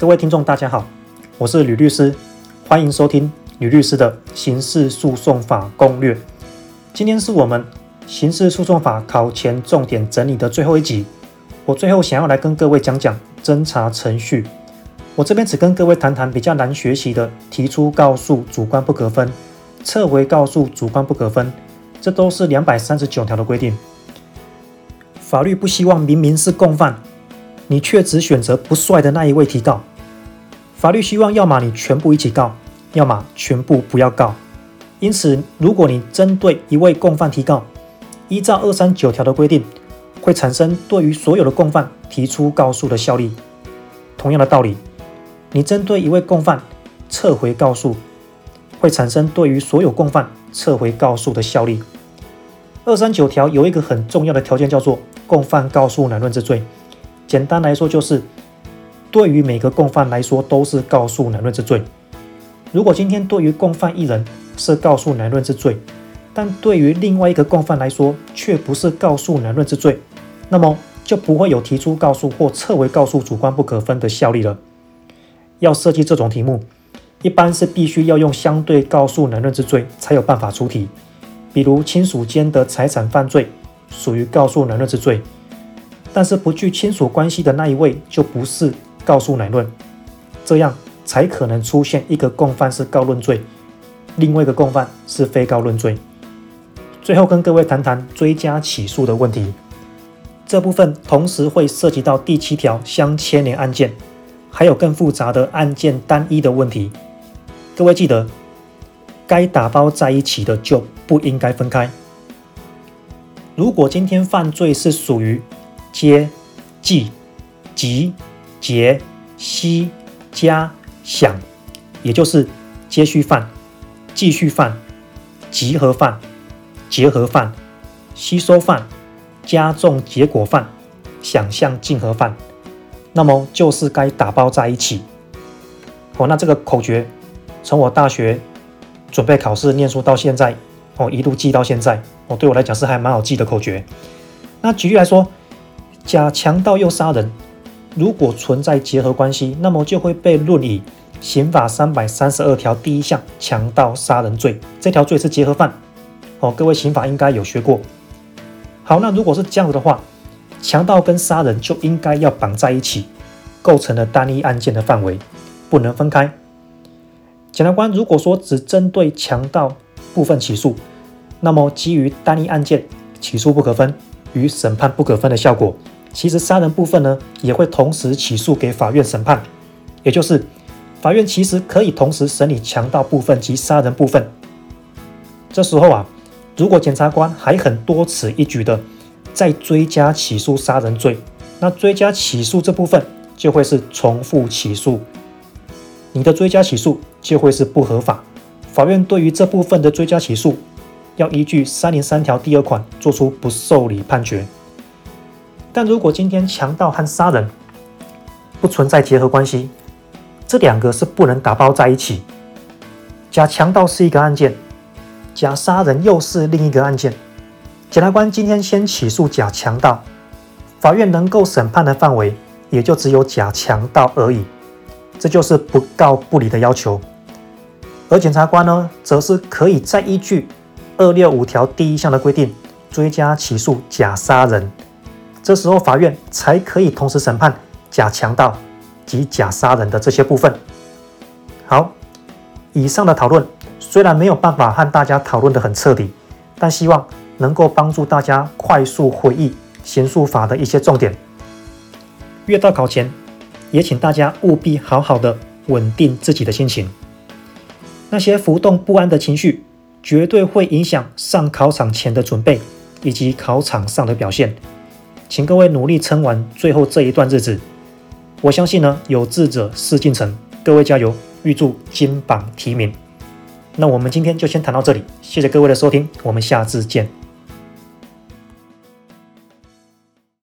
各位聽眾，大家好，我是呂律師，歡迎收聽呂律師的《刑事訴訟法攻略》。今天是我們刑事訴訟法考前重點整理的最後一集。我最後想要來跟各位講講偵查程序。我這邊只跟各位談談比較難學習的提出告訴主觀不可分、撤回告訴主觀不可分，這都是兩百三十九條的規定。法律不希望明明是共犯。你卻只選擇不帥的那一位提告，法律希望要麼你全部一起告，要麼全部不要告。因此，如果你針對一位共犯提告，依照二三九條的規定，會產生對於所有的共犯提出告訴的效力。同樣的道理，你針對一位共犯撤回告訴，會產生對於所有共犯撤回告訴的效力。二三九條有一個很重要的條件，叫做共犯告訴乃論之罪。簡單來說，就是對於每個共犯來說都是告訴乃論之罪。如果今天對於共犯一人是告訴乃論之罪，但對於另外一個共犯來說卻不是告訴乃論之罪，那麼就不會有提出告訴或撤回告訴主觀不可分的效力了。要設計這種題目，一般是必須要用相對告訴乃論之罪才有辦法出題，比如親屬間的財產犯罪屬於告訴乃論之罪。但是不具親屬關係的那一位就不是告訴乃論，這樣才可能出現一個共犯是告論罪，另外一個共犯是非告論罪。最後跟各位談談追加起訴的問題，這部分同時會涉及到第七條相牽連案件，還有更複雜的案件單一的問題。各位記得，該打包在一起的就不應該分開。如果今天犯罪是屬於。接、繼、集、結、吸、加、想，也就是接續犯、繼續犯、集合犯、結合犯、吸收犯、加重結果犯、想象競合犯。那麼就是該打包在一起。哦，那這個口訣，從我大學準備考試、念書到現在，哦，一路記到現在，哦，對我來講是還蠻好記的口訣。那舉例來說。假強盜又殺人，如果存在結合關係，那麼就會被論以刑法三百三十二條第一項強盜殺人罪。這條罪是結合犯，哦，各位刑法應該有學過。好，那如果是這樣子的話，強盜跟殺人就應該要綁在一起，構成了單一案件的範圍，不能分開。檢察官如果說只針對強盜部分起訴，那麼基於單一案件起訴不可分與審判不可分的效果。其實殺人部分呢，也會同時起訴給法院審判，也就是法院其實可以同時審理強盜部分及殺人部分。這時候啊，如果檢察官還很多此一舉的再追加起訴殺人罪，那追加起訴這部分就會是重複起訴，你的追加起訴就會是不合法。法院對於這部分的追加起訴，要依據三零三條第二款作出不受理判決。但如果今天強盜和殺人不存在結合關係，這兩個是不能打包在一起。甲強盜是一個案件，甲殺人又是另一個案件。檢察官今天先起訴甲強盜，法院能夠審判的範圍也就只有甲強盜而已，這就是不告不理的要求。而檢察官呢，則是可以再依據二六五條第一項的規定追加起訴甲殺人。這時候，法院才可以同時審判假強盜及假殺人的這些部分。好，以上的討論雖然沒有辦法和大家討論得很徹底，但希望能夠幫助大家快速回憶刑訴法的一些重點。越到考前，也請大家務必好好的穩定自己的心情。那些浮動不安的情緒，絕對會影響上考場前的準備以及考場上的表現。請各位努力撐完最後這一段日子，我相信呢，有志者事竟成。各位加油，預祝金榜題名。那我們今天就先談到這裡，謝謝各位的收聽，我們下次見。